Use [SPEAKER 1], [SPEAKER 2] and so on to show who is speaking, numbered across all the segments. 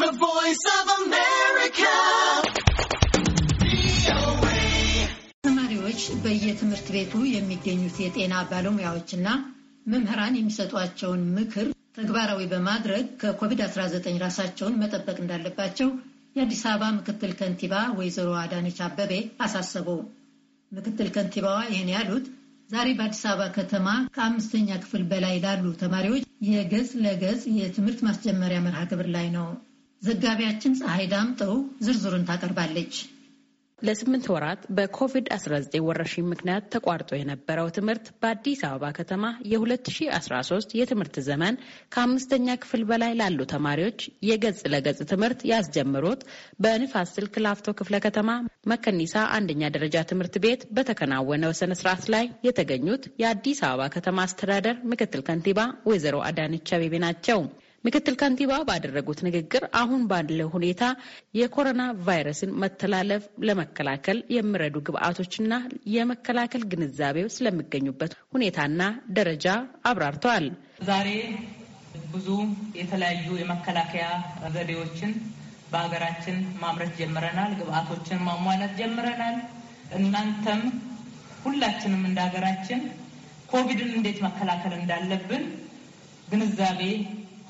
[SPEAKER 1] The Voice of America. ተማሪዎች በየትምህርት ቤቱ የሚገኙት የጤና ባለሙያዎችና መምህራን የሚሰጧቸውን ምክር ተግባራዊ በማድረግ ከኮቪድ-19 ራሳቸውን መጠበቅ እንዳለባቸው የአዲስ አበባ ምክትል ከንቲባ ወይዘሮ አዳነች አበቤ አሳሰቡ። ምክትል ከንቲባዋ ይህን ያሉት ዛሬ በአዲስ አበባ ከተማ ከአምስተኛ ክፍል በላይ ላሉ ተማሪዎች የገጽ ለገጽ የትምህርት ማስጀመሪያ መርሃ ግብር ላይ ነው። ዘጋቢያችን ፀሐይ ዳምጠው ዝርዝሩን ታቀርባለች። ለስምንት ወራት በኮቪድ-19 ወረርሽኝ ምክንያት ተቋርጦ የነበረው ትምህርት በአዲስ አበባ ከተማ የ2013 የትምህርት ዘመን ከአምስተኛ ክፍል በላይ ላሉ ተማሪዎች የገጽ ለገጽ ትምህርት ያስጀምሩት በንፋስ ስልክ ላፍቶ ክፍለ ከተማ መከኒሳ አንደኛ ደረጃ ትምህርት ቤት በተከናወነው ስነ ስርዓት ላይ የተገኙት የአዲስ አበባ ከተማ አስተዳደር ምክትል ከንቲባ ወይዘሮ አዳነች አቤቤ ናቸው። ምክትል ከንቲባ ባደረጉት ንግግር አሁን ባለው ሁኔታ የኮሮና ቫይረስን መተላለፍ ለመከላከል የሚረዱ ግብአቶችና የመከላከል ግንዛቤው ስለሚገኙበት ሁኔታና ደረጃ አብራርተዋል።
[SPEAKER 2] ዛሬ ብዙ የተለያዩ የመከላከያ ዘዴዎችን በሀገራችን ማምረት ጀምረናል። ግብአቶችን ማሟላት ጀምረናል። እናንተም ሁላችንም እንደ ሀገራችን ኮቪድን እንዴት መከላከል እንዳለብን ግንዛቤ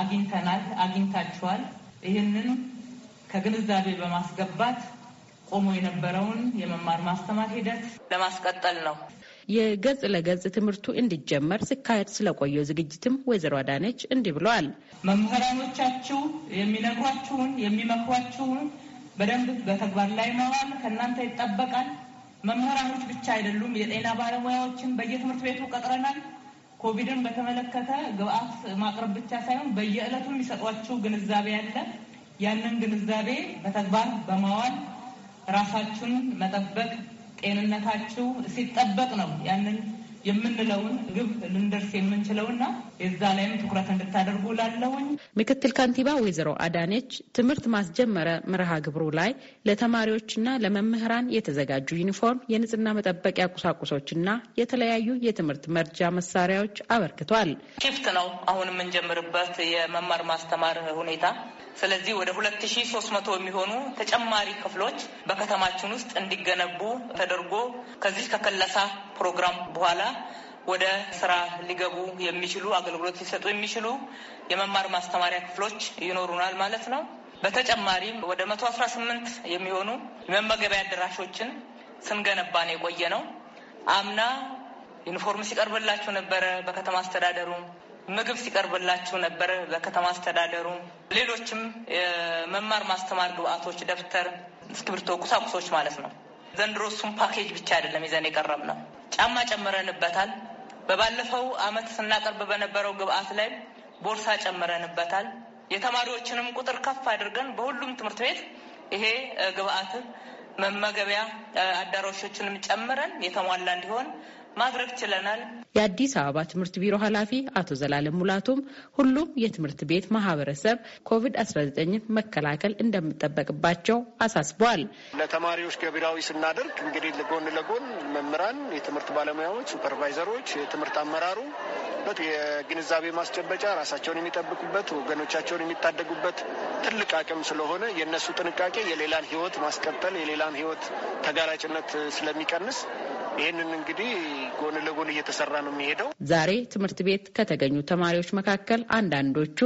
[SPEAKER 2] አግኝተናል፣ አግኝታችኋል። ይህንን ከግንዛቤ በማስገባት ቆሞ የነበረውን የመማር ማስተማር ሂደት ለማስቀጠል ነው።
[SPEAKER 1] የገጽ ለገጽ ትምህርቱ እንዲጀመር ሲካሄድ ስለቆየው ዝግጅትም ወይዘሮ አዳነች እንዲህ ብለዋል።
[SPEAKER 2] መምህራኖቻችሁ የሚነግሯችሁን የሚመክሯችሁን በደንብ በተግባር ላይ መዋል ከእናንተ ይጠበቃል። መምህራኖች ብቻ አይደሉም፣ የጤና ባለሙያዎችን በየትምህርት ቤቱ ቀጥረናል። ኮቪድን በተመለከተ ግብአት ማቅረብ ብቻ ሳይሆን በየዕለቱ የሚሰጧቸው ግንዛቤ አለ። ያንን ግንዛቤ በተግባር በማዋል ራሳችሁን መጠበቅ ጤንነታችሁ ሲጠበቅ ነው ያንን የምንለውን ግብ ልንደርስ የምንችለው የምንችለውና እዛ ላይም ትኩረት እንድታደርጉ ላለሁኝ።
[SPEAKER 1] ምክትል ከንቲባ ወይዘሮ አዳነች ትምህርት ማስጀመረ መርሃ ግብሩ ላይ ለተማሪዎችና ለመምህራን የተዘጋጁ ዩኒፎርም፣ የንጽህና መጠበቂያ ቁሳቁሶችና የተለያዩ የትምህርት መርጃ መሳሪያዎች አበርክቷል።
[SPEAKER 2] ሽፍት ነው አሁን የምንጀምርበት የመማር ማስተማር ሁኔታ። ስለዚህ ወደ ሁለት ሺ ሶስት መቶ የሚሆኑ ተጨማሪ ክፍሎች በከተማችን ውስጥ እንዲገነቡ ተደርጎ ከዚህ ከከለሳ ፕሮግራም በኋላ ወደ ስራ ሊገቡ የሚችሉ አገልግሎት ሊሰጡ የሚችሉ የመማር ማስተማሪያ ክፍሎች ይኖሩናል ማለት ነው። በተጨማሪም ወደ መቶ አስራ ስምንት የሚሆኑ የመመገቢያ አዳራሾችን ስንገነባን የቆየ ነው። አምና ዩኒፎርም ሲቀርብላችሁ ነበረ በከተማ አስተዳደሩ ምግብ ሲቀርብላችሁ ነበረ በከተማ አስተዳደሩ። ሌሎችም የመማር ማስተማር ግብአቶች፣ ደብተር፣ እስክሪብቶ፣ ቁሳቁሶች ማለት ነው። ዘንድሮ እሱም ፓኬጅ ብቻ አይደለም ይዘን የቀረብ ነው። ጫማ ጨምረንበታል። በባለፈው አመት ስናቀርብ በነበረው ግብአት ላይ ቦርሳ ጨምረንበታል። የተማሪዎችንም ቁጥር ከፍ አድርገን በሁሉም ትምህርት ቤት ይሄ ግብአት መመገቢያ አዳራሾችንም ጨምረን የተሟላ እንዲሆን ማድረግ ችለናል።
[SPEAKER 1] የአዲስ አበባ ትምህርት ቢሮ ኃላፊ አቶ ዘላለም ሙላቱም ሁሉም የትምህርት ቤት ማህበረሰብ ኮቪድ 19 መከላከል እንደሚጠበቅባቸው አሳስበዋል። ለተማሪዎች ገቢራዊ ስናደርግ እንግዲህ ጎን ለጎን መምህራን፣ የትምህርት ባለሙያዎች፣ ሱፐርቫይዘሮች፣ የትምህርት አመራሩ የግንዛቤ ማስጨበጫ ራሳቸውን የሚጠብቁበት ወገኖቻቸውን የሚታደጉበት ትልቅ አቅም ስለሆነ የእነሱ ጥንቃቄ የሌላን ህይወት ማስቀጠል የሌላን ህይወት ተጋላጭነት ስለሚቀንስ ይህንን እንግዲህ ጎን ለጎን እየተሰራ ነው የሚሄደው። ዛሬ ትምህርት ቤት ከተገኙ ተማሪዎች መካከል አንዳንዶቹ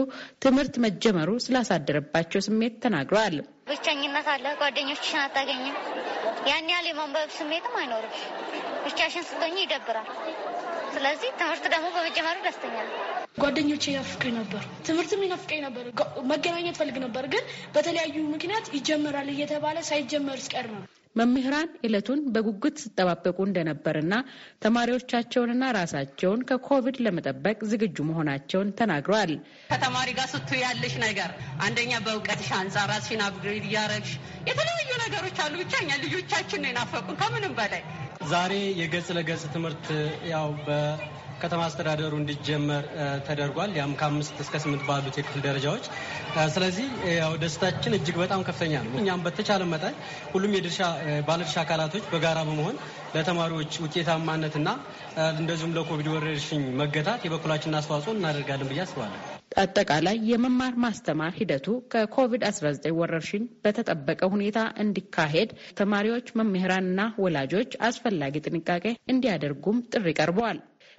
[SPEAKER 1] ትምህርት መጀመሩ ስላሳደረባቸው ስሜት ተናግረዋል።
[SPEAKER 2] ብቸኝነት አለ፣ ጓደኞችሽን አታገኝም፣ ያን ያህል የማንበብ ስሜትም አይኖርም። ብቻሽን ስትሆኚ ይደብራል። ስለዚህ ትምህርት ደግሞ በመጀመሩ ደስተኛ ነው።
[SPEAKER 1] ጓደኞቼ ይናፍቀኝ ነበር፣ ትምህርትም ይናፍቀኝ ነበር። መገናኘት ፈልግ ነበር፣ ግን በተለያዩ ምክንያት ይጀመራል እየተባለ ሳይጀመር ስቀር ነው መምህራን ዕለቱን በጉጉት ሲጠባበቁ እንደነበርና ተማሪዎቻቸውንና ራሳቸውን ከኮቪድ ለመጠበቅ ዝግጁ መሆናቸውን ተናግረዋል። ከተማሪ ጋር ስቱ ያለሽ ነገር አንደኛ በእውቀትሽ አንጻር ራስሽን አፕግሬድ እያረግሽ የተለያዩ ነገሮች አሉ። ብቻ እኛ ልጆቻችን ነው የናፈቁን ከምንም በላይ ዛሬ የገጽ ለገጽ ትምህርት ያው ከተማ አስተዳደሩ እንዲጀመር ተደርጓል። ያም ከአምስት እስከ ስምንት ባሉት የክፍል ደረጃዎች። ስለዚህ ያው ደስታችን እጅግ በጣም ከፍተኛ ነው። እኛም በተቻለ መጠን ሁሉም የድርሻ ባለድርሻ አካላቶች በጋራ በመሆን ለተማሪዎች ውጤታማነትና እንደዚሁም ለኮቪድ ወረርሽኝ መገታት የበኩላችንን አስተዋጽኦ እናደርጋለን ብዬ አስባለሁ። አጠቃላይ የመማር ማስተማር ሂደቱ ከኮቪድ-19 ወረርሽኝ በተጠበቀ ሁኔታ እንዲካሄድ ተማሪዎች፣ መምህራንና ወላጆች አስፈላጊ ጥንቃቄ እንዲያደርጉም ጥሪ ቀርበዋል።